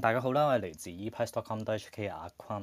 大家好啦，我係嚟自 eprice.com.hk 嘅阿坤。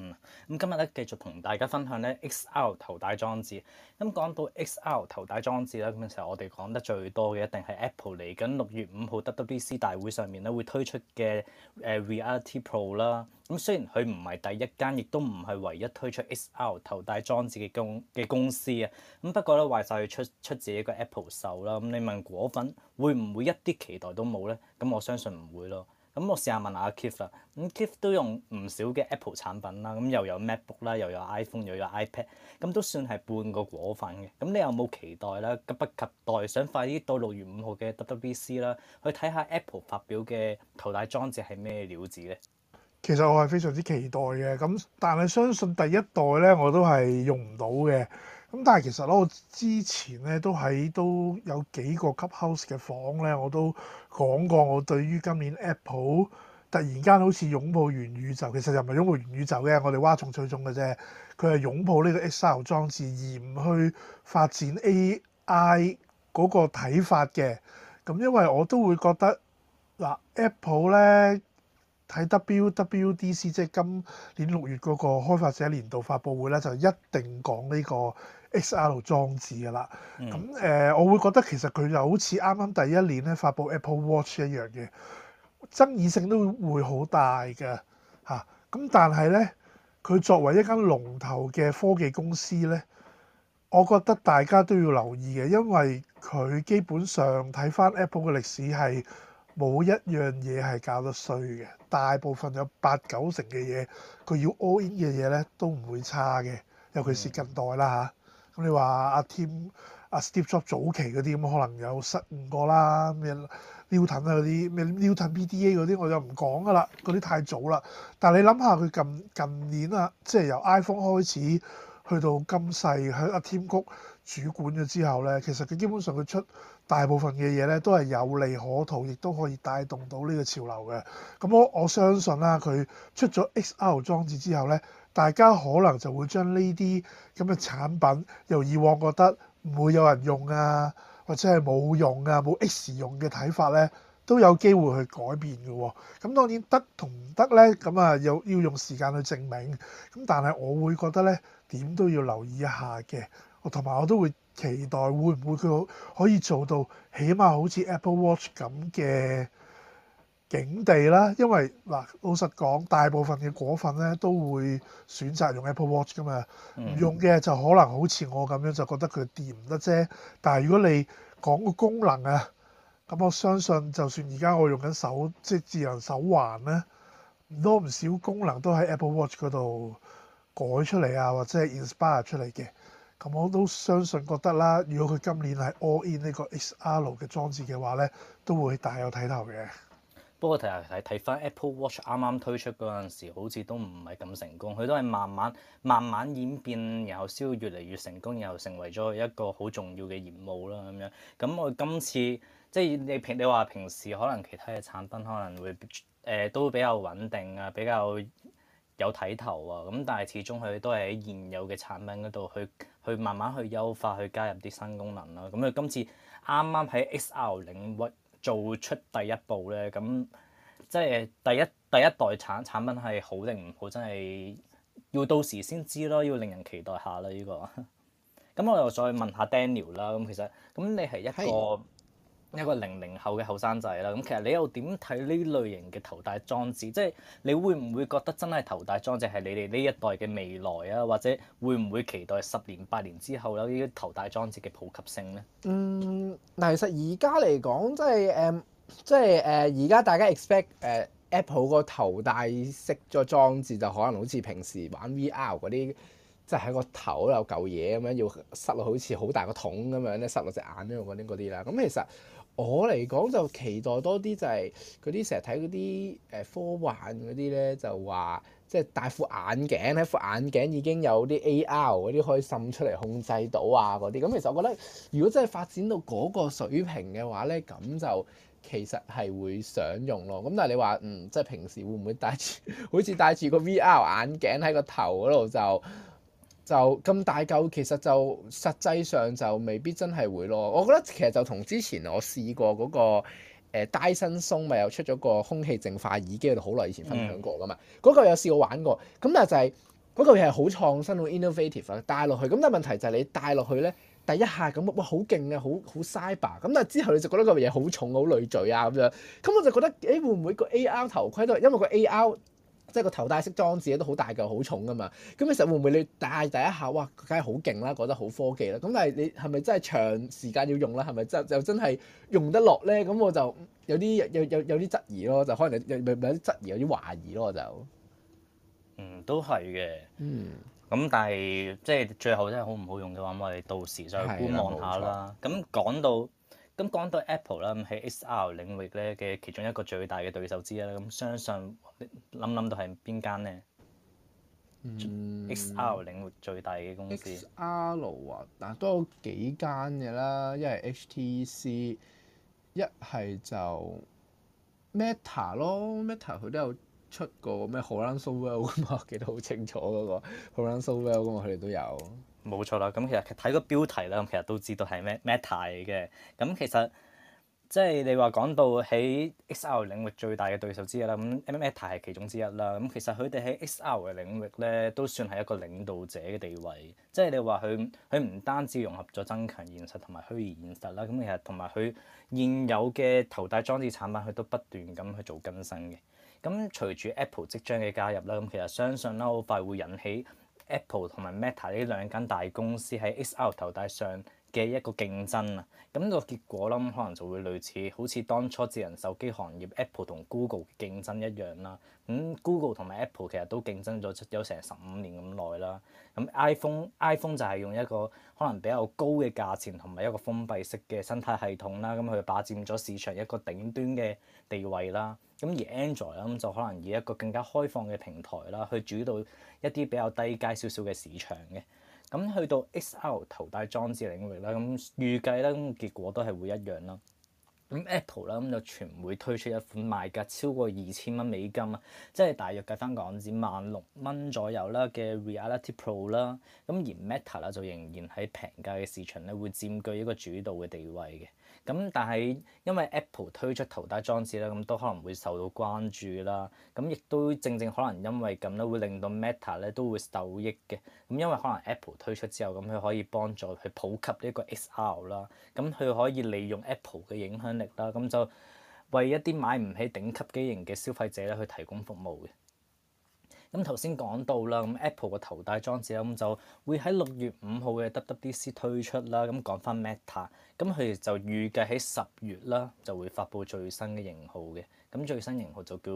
咁今日咧，繼續同大家分享咧 XR 頭戴裝置。咁講到 XR 頭戴裝置咧，咁其實我哋講得最多嘅，一定係 Apple 嚟緊六月五號 WWDC 大會上面咧會推出嘅誒 Reality Pro 啦。咁雖然佢唔係第一間，亦都唔係唯一推出 XR 頭戴裝置嘅公嘅公司啊。咁不過咧，話晒佢出出自己個 Apple 手啦。咁你問果粉會唔會一啲期待都冇咧？咁我相信唔會咯。咁我試下問下 Keith 啊，咁 Keith 都用唔少嘅 Apple 產品啦，咁又有 MacBook 啦，又有 iPhone，又有 iPad，咁都算係半個果粉嘅。咁你有冇期待啦？急不及待，想快啲到六月五號嘅 WWDC 啦，去睇下 Apple 發表嘅頭戴裝置係咩料子咧？其實我係非常之期待嘅，咁但係相信第一代咧，我都係用唔到嘅。咁但係其實咧，我之前咧都喺都有幾個 Clubhouse 嘅房咧，我都講過我對於今年 Apple 突然間好似擁抱元宇宙，其實又唔係擁抱元宇宙嘅，我哋嘩眾取寵嘅啫。佢係擁抱呢個 XR 裝置而唔去發展 AI 嗰個睇法嘅。咁因為我都會覺得嗱，Apple 咧。睇 WWDC 即係今年六月嗰個開發者年度發布會咧，就一定講呢個 XR 裝置噶啦。咁誒、嗯，呃，我會覺得其實佢就好似啱啱第一年咧發布 Apple Watch 一樣嘅，爭議性都會好大嘅吓。咁、啊、但係咧，佢作為一間龍頭嘅科技公司咧，我覺得大家都要留意嘅，因為佢基本上睇翻 Apple 嘅歷史係。冇一樣嘢係搞得衰嘅，大部分有八九成嘅嘢，佢要 all in 嘅嘢咧都唔會差嘅，尤其是近代啦吓，咁、啊、你話阿、啊、Tim、啊、阿 Steve Jobs 早期嗰啲咁，可能有失誤過啦咩？Newton 啊嗰啲咩 Newton PDA 嗰啲，我就唔講㗎啦，嗰啲太早啦。但係你諗下佢近近年啊，即係由 iPhone 開始。去到今世喺阿添谷主管咗之後咧，其實佢基本上佢出大部分嘅嘢咧都係有利可圖，亦都可以帶動到呢個潮流嘅。咁我我相信啦，佢出咗 X R 裝置之後咧，大家可能就會將呢啲咁嘅產品由以往覺得唔會有人用啊，或者係冇用啊、冇 X 用嘅睇法咧，都有機會去改變嘅。咁當然得同唔得咧，咁啊又要用時間去證明。咁但係我會覺得咧。點都要留意一下嘅，我同埋我都會期待會唔會佢可以做到，起碼好似 Apple Watch 咁嘅境地啦。因為嗱，老實講，大部分嘅果粉咧都會選擇用 Apple Watch 㗎嘛，唔用嘅就可能好似我咁樣就覺得佢掂唔得啫。但係如果你講個功能啊，咁我相信就算而家我用緊手即係智能手環咧，唔多唔少功能都喺 Apple Watch 嗰度。改出嚟啊，或者係 inspire 出嚟嘅。咁我都相信覺得啦，如果佢今年係 all in 呢個 XR 嘅裝置嘅話咧，都會大有睇頭嘅。不過睇下睇睇翻 Apple Watch 啱啱推出嗰陣時，好似都唔係咁成功。佢都係慢慢慢慢演變，然後先越嚟越成功，然後成為咗一個好重要嘅業務啦。咁樣，咁我今次即係你平你話平時可能其他嘅產品可能會誒、呃、都比較穩定啊，比較。有睇頭啊！咁但係始終佢都係喺現有嘅產品嗰度，去去慢慢去優化，去加入啲新功能啦。咁佢今次啱啱喺 XR 領域做出第一步咧，咁、嗯、即係第一第一代產產品係好定唔好，真係要到時先知咯。要令人期待下啦，呢、這個。咁、嗯、我又再問下 Daniel 啦、嗯。咁其實咁、嗯、你係一個。一個零零後嘅後生仔啦，咁其實你又點睇呢類型嘅頭戴裝置？即係你會唔會覺得真係頭戴裝置係你哋呢一代嘅未來啊？或者會唔會期待十年八年之後呢啲頭戴裝置嘅普及性呢？嗯，嗱，其實而家嚟講，即係誒，即係誒，而家大家 expect 誒、呃、Apple 個頭戴式咗裝置就可能好似平時玩 VR 嗰啲，即係喺個頭有嚿嘢咁樣要塞落好似好大個桶咁樣咧，塞落隻眼嗰啲嗰啲啦。咁其實～我嚟講就期待多啲就係嗰啲成日睇嗰啲誒科幻嗰啲咧，就話即係戴副眼鏡，喺副眼鏡已經有啲 AR 嗰啲可以滲出嚟控制到啊嗰啲。咁其實我覺得如果真係發展到嗰個水平嘅話咧，咁就其實係會想用咯。咁但係你話嗯，即係平時會唔會戴住好似戴住個 VR 眼鏡喺個頭嗰度就，就咁大嚿，其實就實際上就未必真係會咯。我覺得其實就同之前我試過嗰、那個 Dyson 松咪有出咗個空氣淨化耳機度，好耐以前分享過噶嘛。嗰嚿、嗯、有試過玩過，咁但係就係嗰嚿嘢係好創新好 innovative 啊，戴落去。咁但係問題就係你戴落去咧，第一下咁哇好勁啊，好好 Cyber。咁但係之後你就覺得個嘢好重好累贅啊咁樣。咁我就覺得誒、欸、會唔會個 AR 頭盔都因為個 AR？即係個頭戴式裝置都好大嚿，好重㗎嘛。咁其實會唔會你戴第一下，哇，梗係好勁啦，覺得好科技啦。咁但係你係咪真係長時間要用啦？係咪真就真係用得落咧？咁我就有啲有有有啲質疑咯。就可能有有啲質疑，有啲懷疑咯我就。就嗯，都係嘅。嗯。咁但係即係最後真係好唔好用嘅話，我哋到時再觀望下啦。咁講到。咁講到 Apple 啦，喺 XR 領域咧嘅其中一個最大嘅對手之一啦，咁相信諗諗到係邊間咧？XR 領域最大嘅公司。XR 啊、嗯，但都有幾間嘅啦，一係 HTC，一係就 Meta 咯，Meta 佢都有出過咩 Horizon World 噶嘛，我記得好清楚嗰、那個 Horizon、so、World 噶嘛，佢哋都有。冇錯啦，咁其實睇個標題啦，咁其實都知道係 Meta 嘅。咁其實即係你話講到喺 XR 領域最大嘅對手之一啦，咁 Meta 係其中之一啦。咁其實佢哋喺 XR 嘅領域咧，都算係一個領導者嘅地位。即係你話佢佢唔單止融合咗增強現實同埋虛擬現實啦，咁其實同埋佢現有嘅頭戴裝置產品，佢都不斷咁去做更新嘅。咁隨住 Apple 即將嘅加入啦，咁其實相信啦，好快會引起 Apple 同埋 Meta 呢兩間大公司喺 XR 頭戴上。嘅一個競爭啊，咁個結果啦，可能就會類似好似當初智能手機行業 Apple 同 Google 競爭一樣啦。咁 Google 同埋 Apple 其實都競爭咗有成十五年咁耐啦。咁 iPhone iPhone 就係用一個可能比較高嘅價錢同埋一個封閉式嘅生態系統啦，咁佢霸佔咗市場一個頂端嘅地位啦。咁而 Android 咁就可能以一個更加開放嘅平台啦，去主導一啲比較低階少少嘅市場嘅。咁去到 XR 頭戴裝置領域啦，咁預計啦，咁結果都係會一樣啦。咁 Apple 啦，咁就全會推出一款賣價超過二千蚊美金，即係大約計翻港紙萬六蚊左右啦嘅 Reality Pro 啦。咁而 Meta 啦就仍然喺平價嘅市場咧，會佔據一個主導嘅地位嘅。咁但係因為 Apple 推出頭戴裝置啦，咁都可能會受到關注啦。咁亦都正正可能因為咁咧，會令到 Meta 咧都會受益嘅。咁因為可能 Apple 推出之後，咁佢可以幫助去普及呢個 XR 啦。咁佢可以利用 Apple 嘅影響力啦，咁就為一啲買唔起頂級機型嘅消費者咧去提供服務嘅。咁頭先講到啦，Apple 個頭戴裝置咧，咁就會喺六月五號嘅 WWDC 推出啦。咁講翻 Meta，咁佢哋就預計喺十月啦就會發布最新嘅型號嘅。咁最新型號就叫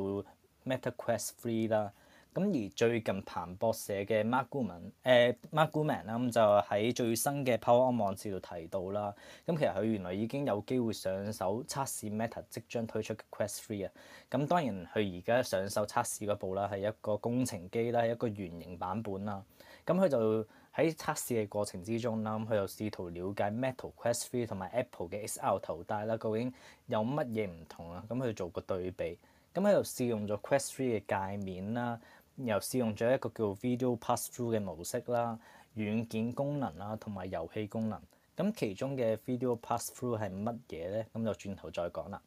Meta Quest 3啦。咁而最近彭博社嘅 Mark Gurman，誒 Mark Gurman 啦，咁就喺最新嘅 Power On 網誌度提到啦。咁其實佢原來已經有機會上手測試 Meta 即將推出嘅 Quest 3啊。咁當然佢而家上手測試嗰部啦，係一個工程機啦，係一個原型版本啦。咁佢就喺測試嘅過程之中啦，咁佢又試圖了解 Meta Quest 3同埋 Apple 嘅 XR 頭戴啦，究竟有乜嘢唔同啊？咁佢做個對比。咁喺度試用咗 Quest 3嘅界面啦。又試用咗一個叫 Video Pass Through 嘅模式啦、軟件功能啦同埋遊戲功能。咁其中嘅 Video Pass Through 係乜嘢咧？咁就轉頭再講啦。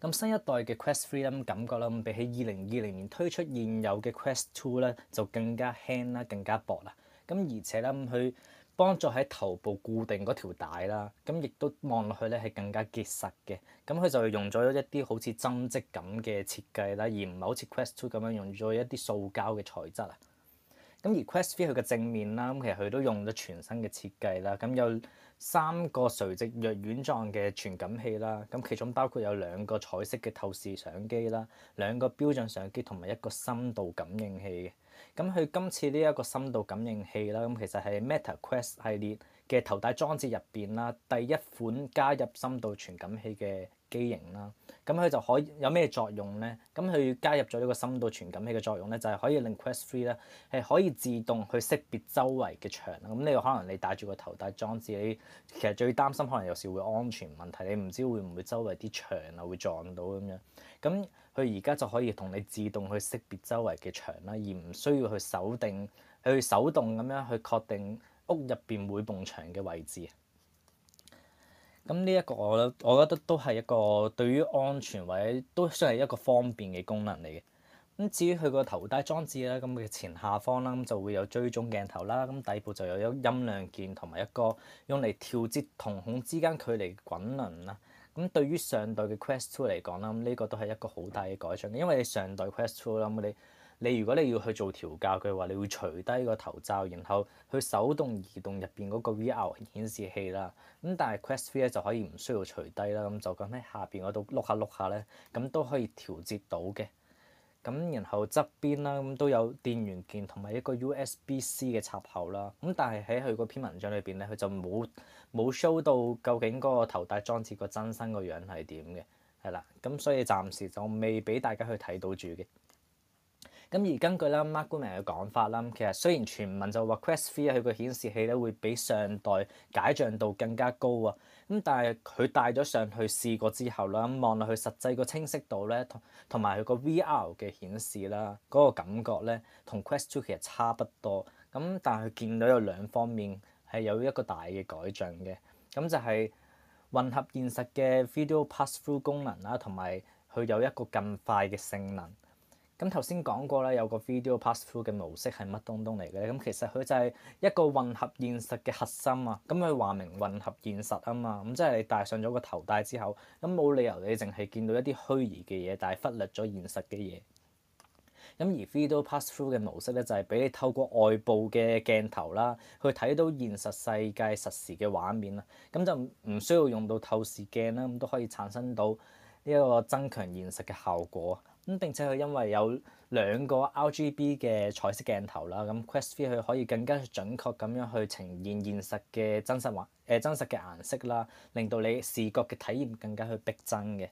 咁新一代嘅 Quest 3啦，感覺啦，咁比起二零二零年推出現有嘅 Quest 2咧，就更加輕啦、更加薄啦。咁而且咧，咁佢幫助喺頭部固定嗰條帶啦，咁亦都望落去咧係更加結實嘅。咁佢就用咗一啲好似針織咁嘅設計啦，而唔係好似 Quest 2咁樣用咗一啲塑膠嘅材質啊。咁而 Quest 3佢嘅正面啦，咁其實佢都用咗全新嘅設計啦。咁有三個垂直藥丸狀嘅傳感器啦，咁其中包括有兩個彩色嘅透視相機啦，兩個標準相機同埋一個深度感應器嘅。咁佢今次呢一個深度感應器啦，咁其實係 Meta Quest 系列嘅頭戴裝置入邊啦，第一款加入深度傳感器嘅機型啦，咁佢就可以有咩作用咧？咁佢加入咗呢個深度傳感器嘅作用咧，就係可以令 Quest 3咧係可以自動去識別周圍嘅牆啦。咁你可能你戴住個頭戴裝置，你其實最擔心可能有時會有安全問題，你唔知會唔會周圍啲牆啊會撞到咁樣。咁佢而家就可以同你自動去識別周圍嘅牆啦，而唔需要去手定、去手動咁樣去確定屋入邊每埲牆嘅位置。咁呢一個我覺得，我覺得都係一個對於安全或者都算係一個方便嘅功能嚟嘅。咁至於佢個頭戴裝置咧，咁佢嘅前下方啦，咁就會有追蹤鏡頭啦，咁底部就有一音量鍵同埋一個用嚟調節瞳孔之間距離嘅滾輪啦。咁對於上代嘅 Quest Two 嚟講啦，咁、這、呢個都係一個好大嘅改進，因為你上代 Quest Two 啦，我哋你如果你要去做調校嘅話，你會除低個頭罩，然後去手動移動入邊嗰個 VR 顯示器啦。咁但係 Quest 3就可以唔需要除低啦，咁就咁喺下邊嗰度碌下碌下咧，咁都可以調節到嘅。咁然後側邊啦，咁都有電源鍵同埋一個 USB C 嘅插口啦。咁但係喺佢個篇文章裏邊咧，佢就冇冇 show 到究竟嗰個頭戴裝置個真身個樣係點嘅，係啦。咁所以暫時就未俾大家去睇到住嘅。咁而根據啦 Mark Gurman 嘅講法啦，其實雖然傳聞就話 Quest Three 佢個顯示器咧會比上代解像度更加高啊，咁但係佢戴咗上去試過之後啦，望落去實際個清晰度咧同埋佢個 VR 嘅顯示啦嗰個感覺咧同 Quest Two 其實差不多。咁但係佢見到有兩方面係有一個大嘅改進嘅，咁就係混合現實嘅 Video Pass Through 功能啦，同埋佢有一個更快嘅性能。咁頭先講過咧，有個 video pass through 嘅模式係乜東東嚟嘅咧？咁其實佢就係一個混合現實嘅核心啊！咁佢話明混合現實啊嘛，咁即係你戴上咗個頭戴之後，咁冇理由你淨係見到一啲虛擬嘅嘢，但係忽略咗現實嘅嘢。咁而 video pass through 嘅模式咧，就係俾你透過外部嘅鏡頭啦，去睇到現實世界實時嘅畫面啊。咁就唔需要用到透視鏡啦，咁都可以產生到呢一個增強現實嘅效果。咁並且佢因為有兩個 RGB 嘅彩色鏡頭啦，咁 Quest 3佢可以更加準確咁樣去呈現現實嘅真實顏誒、呃、真實嘅顏色啦，令到你視覺嘅體驗更加去逼真嘅。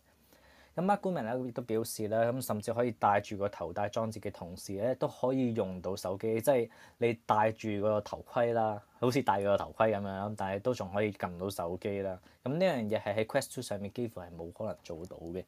咁 Mark Gurman 咧亦都表示咧，咁甚至可以戴住個頭戴裝置嘅同時咧，都可以用到手機，即係你戴住個頭盔啦，好似戴個頭盔咁樣，但係都仲可以撳到手機啦。咁呢樣嘢係喺 Quest 2上面幾乎係冇可能做到嘅。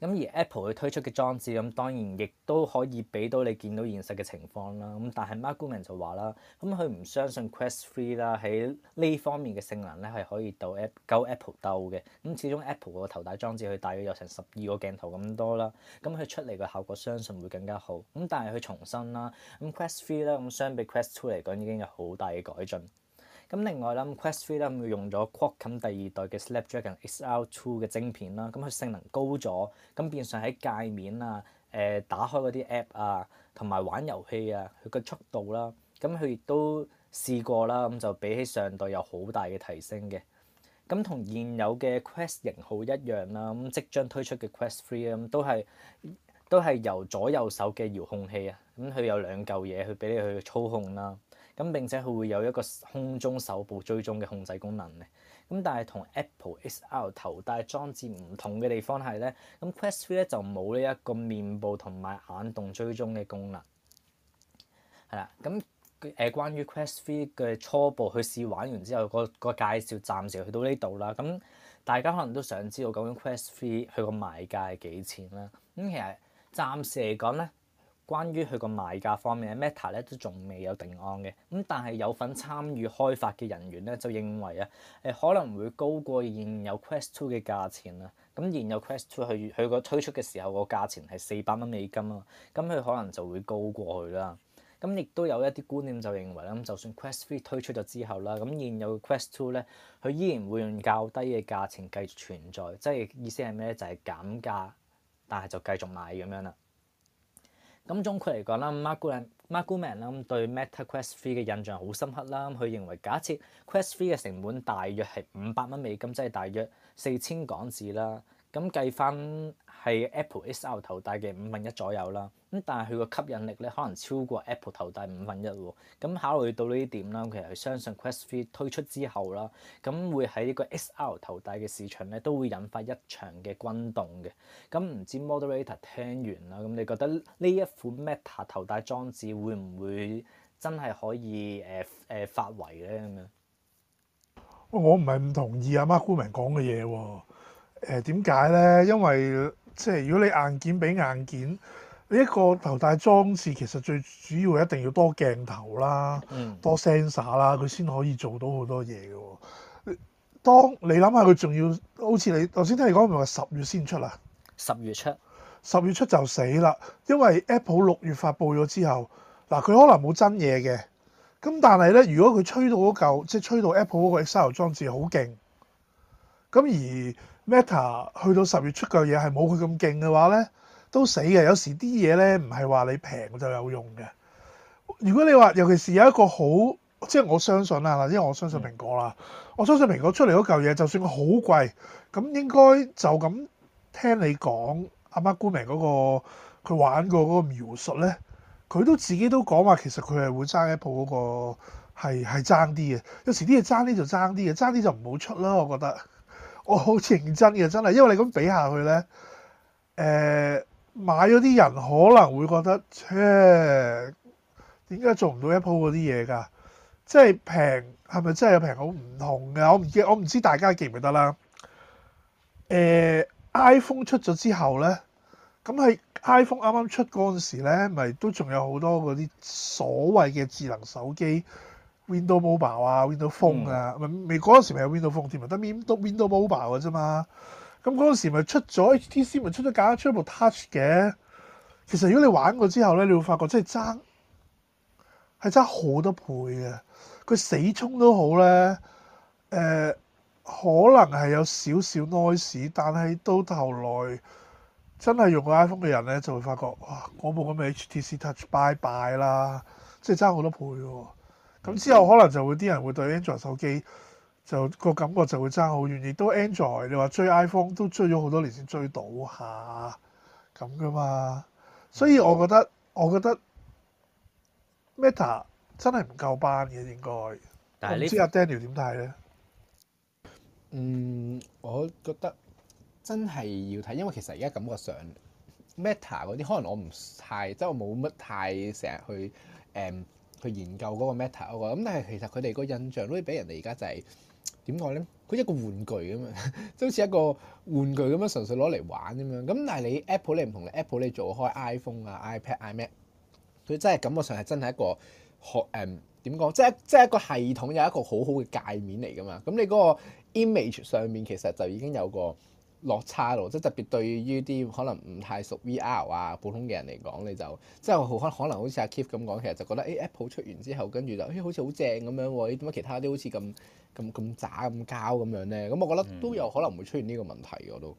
咁而 Apple 佢推出嘅裝置咁，當然亦都可以俾到你見到現實嘅情況啦。咁但係 Mark Gurman 就話啦，咁佢唔相信 Quest Three 啦，喺呢方面嘅性能咧係可以到夠 Apple 鬥嘅。咁始終 Apple 個頭戴裝置佢大約有成十二個鏡頭咁多啦，咁佢出嚟嘅效果相信會更加好。咁但係佢重申啦，咁 Quest Three 咧，咁相比 Quest Two 嚟講已經有好大嘅改進。咁另外咧，Quest 3咧用咗 Qualcomm 第二代嘅 Snapdragon XR 2嘅晶片啦，咁佢性能高咗，咁變相喺界面啊、誒、呃、打開嗰啲 App 啊、同埋玩遊戲啊，佢嘅速度啦，咁佢亦都試過啦，咁就比起上代有好大嘅提升嘅。咁同現有嘅 Quest 型號一樣啦，咁即將推出嘅 Quest 3咁都係都係由左右手嘅遙控器啊，咁佢有兩舊嘢去俾你去操控啦。咁並且佢會有一個空中手部追蹤嘅控制功能咧。咁但係同 Apple XR 頭戴裝置唔同嘅地方係咧，咁 Quest Three 咧就冇呢一個面部同埋眼動追蹤嘅功能。係啦，咁誒關於 Quest Three 嘅初步，去試玩完之後，個、那個介紹暫時去到呢度啦。咁大家可能都想知道究竟 Quest Three 佢個賣價係幾錢啦？咁、嗯、其實暫時嚟講咧。關於佢個賣價方面咧，Meta 咧都仲未有定案嘅。咁但係有份參與開發嘅人員咧就認為咧，誒、呃、可能會高過現有 Quest Two 嘅價錢啦。咁、嗯、現有 Quest Two 佢佢個推出嘅時候個價錢係四百蚊美金啊，咁、嗯、佢可能就會高過佢啦。咁、嗯、亦都有一啲觀念，就認為啦，咁、嗯、就算 Quest Three 推出咗之後啦，咁、嗯、現有嘅 Quest Two 咧，佢依然會用較低嘅價錢繼續存在，即係意思係咩咧？就係減價，但係就繼續賣咁樣啦。咁總括嚟講啦，Mark Gurman Mark Gurman 啦，對 Meta Quest three 嘅印象好深刻啦。佢認為假設 Quest three 嘅成本大約係五百蚊美金，即係大約四千港紙啦。咁計翻係 Apple XR 頭戴嘅五分一左右啦，咁但係佢個吸引力咧可能超過 Apple 頭戴五分一喎。咁考慮到呢啲點啦，咁其實相信 Quest 3推出之後啦，咁會喺呢個 XR 頭戴嘅市場咧都會引發一場嘅轟動嘅。咁唔知 Moderator 聽完啦，咁你覺得呢一款 Meta 頭戴裝置會唔會真係可以誒誒、呃呃、發圍咧？我唔係唔同意阿 Mark Gurman 講嘅嘢喎。誒點解咧？因為即係如果你硬件比硬件，你一個頭戴裝置其實最主要一定要多鏡頭啦，嗯、多 sensor 啦，佢先可以做到好多嘢嘅。當你諗下佢仲要好似你頭先聽你講，唔係話十月先出啊？十月出，十月出就死啦！因為 Apple 六月發布咗之後，嗱佢可能冇真嘢嘅。咁但係咧，如果佢吹到嗰、那、嚿、個，即係吹到 Apple 嗰個 XR 裝置好勁，咁而 Meta 去到十月出嚿嘢係冇佢咁勁嘅話咧，都死嘅。有時啲嘢咧唔係話你平就有用嘅。如果你話尤其是有一個好，即係我相信啦，嗱，即係我相信蘋果啦，我相信蘋果出嚟嗰嚿嘢，就算佢好貴，咁應該就咁聽你講。阿 Mark Gurman 嗰個佢玩過嗰個描述咧，佢都自己都講話其實佢係會爭一鋪嗰個係係爭啲嘅。有時啲嘢爭啲就爭啲嘅，爭啲就唔好出啦。我覺得。我好，哦、認真嘅，真係，因為你咁比下去咧，誒、呃、買咗啲人可能會覺得，誒，點解做唔到 Apple 嗰啲嘢㗎？即係平係咪真係有平好唔同㗎？我唔記，我唔知大家記唔記得啦。誒、呃、iPhone 出咗之後咧，咁喺 iPhone 啱啱出嗰陣時咧，咪都仲有好多嗰啲所謂嘅智能手機。Windows Mobile 啊，Windows Phone 啊、嗯，咪未嗰陣時咪有 Windows Phone 添啊，得 Windows Windows Mobile 噶啫嘛。咁嗰陣時咪出咗 HTC 咪出咗搞出部 Touch 嘅。其實如果你玩過之後咧，你會發覺真係爭係爭好多倍嘅。佢死充都好咧，誒、呃、可能係有少少 noise 但係到頭來真係用過 iPhone 嘅人咧，就會發覺哇，我冇咁嘅 HTC Touch，拜拜啦，即係爭好多倍喎。咁之後可能就會啲人會對 Android 手機就個感覺就會爭好遠，亦都 Android 你話追 iPhone 都追咗好多年先追到下咁㗎嘛，所以我覺得、嗯、我覺得得 Meta 真係唔夠班嘅應該，但係唔知阿 Daniel 點睇咧？嗯，我覺得真係要睇，因為其實而家感覺上 Meta 嗰啲可能我唔太即我冇乜太成日去誒。嗯去研究嗰個 Meta 啊，咁但係其實佢哋個印象都俾人哋而家就係點講咧？佢一個玩具咁樣，即好似一個玩具咁樣，純粹攞嚟玩咁樣。咁但係你 Apple 你唔同，你 Apple 你做開 iPhone 啊 iPad、iMac，佢真係感覺上係真係一個學誒點講，即係即係一個系統有一個好好嘅界面嚟㗎嘛。咁你嗰個 image 上面其實就已經有個落差咯，即係特別對於啲可能唔太熟 VR 啊，普通嘅人嚟講，你就即係好可可能好似阿 Kip 咁講，其實就覺得 A、哎、Apple 出完之後，跟住就咦、哎、好似好正咁樣喎，點解其他啲好似咁咁咁渣咁膠咁樣咧？咁我覺得都有可能會出現呢個問題嘅都。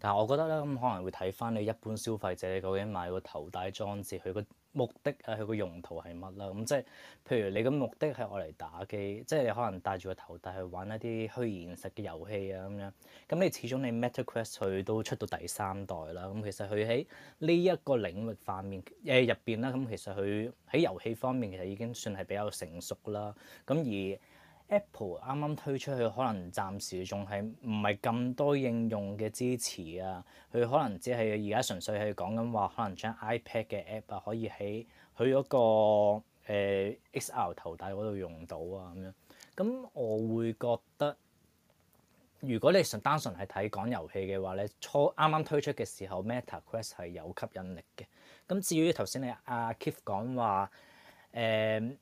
但係我覺得咧，咁可能會睇翻你一般消費者究竟買個頭戴裝置佢個。目的係佢個用途係乜啦？咁即係，譬如你嘅目的係用嚟打機，即係你可能戴住個頭帶去玩一啲虛擬現實嘅遊戲啊咁樣。咁你始終你 Meta Quest 佢都出到第三代啦。咁其實佢喺呢一個領域方面誒入邊啦，咁、呃、其實佢喺遊戲方面其實已經算係比較成熟啦。咁而 Apple 啱啱推出佢，可能暫時仲係唔係咁多應用嘅支持啊？佢可能只係而家純粹係講緊話，可能將 iPad 嘅 app 啊可以喺佢嗰個誒、呃、XR 頭戴嗰度用到啊咁樣。咁我會覺得，如果你純單純係睇講遊戲嘅話，咧，初啱啱推出嘅時候，Meta Quest 係有吸引力嘅。咁至於頭先你阿 Keith 講話誒。呃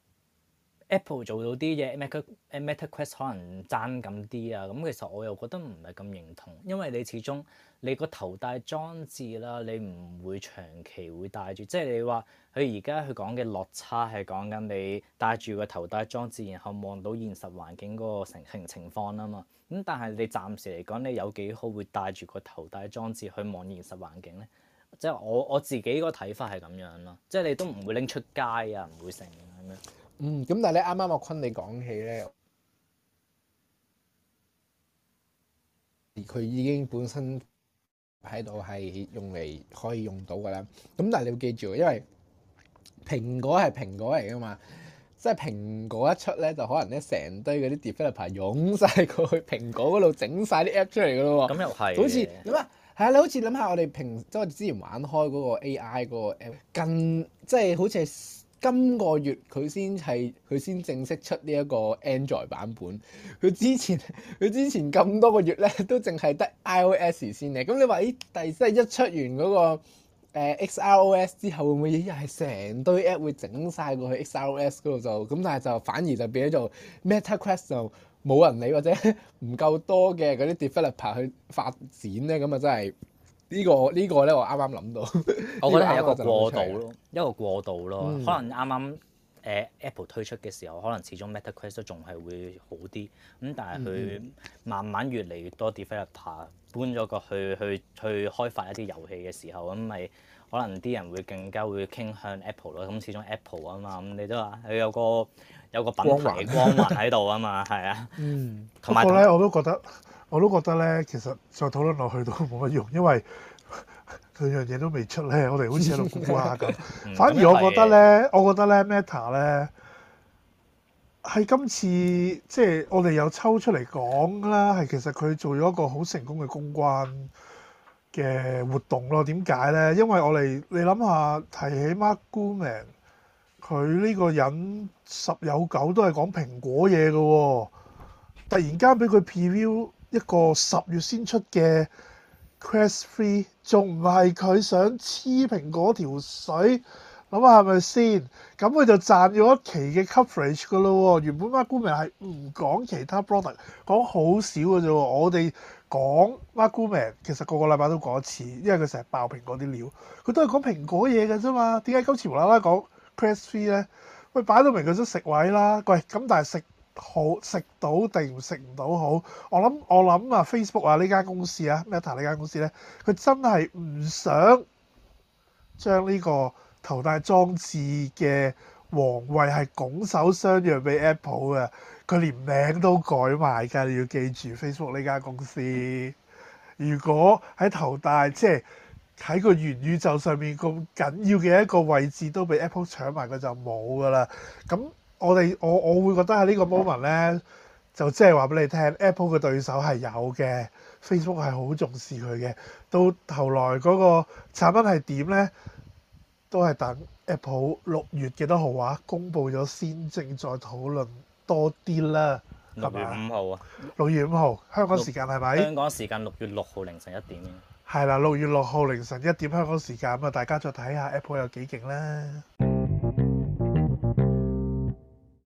Apple 做到啲嘢 Meta Meta Quest 可能爭咁啲啊，咁其實我又覺得唔係咁認同，因為你始終你個頭戴裝置啦，你唔會長期會戴住，即係你話佢而家佢講嘅落差係講緊你戴住個頭戴裝置，然後望到現實環境嗰個成情情況啊嘛，咁但係你暫時嚟講，你有幾好會戴住個頭戴裝置去望現實環境咧？即係我我自己個睇法係咁樣咯，即係你都唔會拎出街啊，唔會成咁樣。嗯，咁但係咧，啱啱阿坤你講起咧，佢已經本身喺度係用嚟可以用到噶啦。咁但係你要記住，因為蘋果係蘋果嚟噶嘛，即係蘋果一出咧，就可能咧成堆嗰啲 developer 湧晒過去蘋果嗰度整晒啲 app 出嚟噶咯喎。咁又係，好似咁啊，係啊，你好似諗下我哋平即係我哋之前玩開嗰個 AI 嗰個 app，近即係好似係。今個月佢先係佢先正式出呢一個 Android 版本，佢之前佢之前咁多個月咧都淨係得 iOS 先嚟。咁你話咦？第即係一出完嗰個 XROS 之後，會唔會又係成堆 app 會整晒過去 XROS 嗰度？就咁，但係就反而就變咗做 Meta Quest 就冇人理，或者唔夠多嘅嗰啲 developer 去發展咧？咁啊真係～呢、這個呢、這個咧，我啱啱諗到。我覺得係一個過渡 咯，一個過渡咯。嗯、可能啱啱誒 Apple 推出嘅時候，可能始終 Meta Quest 仲係會好啲。咁但係佢慢慢越嚟越多 developer 搬咗過去，去去，去開發一啲遊戲嘅時候，咁咪。可能啲人會更加會傾向 Apple 咯，咁始終 Apple 啊嘛，咁、嗯、你都話佢有個有個品牌光環喺度啊嘛，係啊。嗯。同埋咧，我都覺得我都覺得咧，其實再討論落去都冇乜用，因為佢樣嘢都未出咧，我哋好似喺度估估下咁。 嗯、反而我覺得咧、嗯，我覺得咧，Meta 咧係今次即係我哋有抽出嚟講啦，係其實佢做咗一個好成功嘅公關。嘅活動咯，點解呢？因為我哋你諗下，提起 Mark Gurman，佢呢個人十有九都係講蘋果嘢嘅喎，突然間俾佢 preview 一個十月先出嘅 Quest 3，仲唔係佢想黐蘋果條水？咁啊，係咪先咁佢就賺咗一期嘅 coverage 㗎啦、哦、喎？原本 Mark Gurman 係唔講其他 product 講好少嘅啫。我哋講 Mark Gurman 其實個個禮拜都講一次，因為佢成日爆蘋果啲料，佢都係講蘋果嘢嘅啫嘛。點解今次無啦啦講 Quest 3咧？喂，擺到明佢都食位啦。喂，咁但係食好食到定唔食唔到好？我諗我諗 face 啊，Facebook 啊呢間公司啊，Meta 呢間公司咧，佢真係唔想將呢、這個，頭戴裝置嘅王位係拱手相讓俾 Apple 嘅，佢連名都改埋㗎，你要記住 Facebook 呢間公司。如果喺頭戴即係喺個元宇宙上面咁緊要嘅一個位置都俾 Apple 搶埋，佢就冇㗎啦。咁我哋我我會覺得喺呢個 moment 呢，就即係話俾你聽，Apple 嘅對手係有嘅，Facebook 係好重視佢嘅。到頭來嗰個產品係點呢？都係等 Apple 六月幾多號啊？公佈咗先，正再討論多啲啦，係嘛？六月五號啊！六月五號，香港時間係咪？吧香港時間六月六號凌晨一點。係啦，六月六號凌晨一點香港時間，咁啊大家再睇下 Apple 有幾勁啦！